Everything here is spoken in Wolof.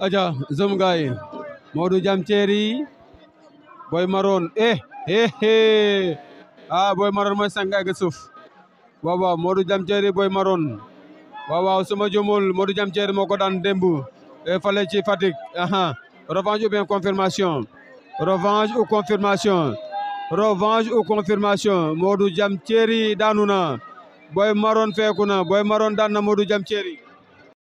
aja zomgaye Modou Jam Thierry Boy Maroon eh eh eh ah Boy Maroon mooy sàngaay ga suuf waaw waaw Modou Jam Thierry Boy Maroon waaw waaw suma jumul Modou Jam Thierry moo ko daan démb eh, fale ci Fatick aha revanche ou bien confirmation revanche ou confirmation revanche ou confirmation Modou Jam Thierry daanu na Boy Maroon feeku na Boy Maroon daan na Modou Jam Thierry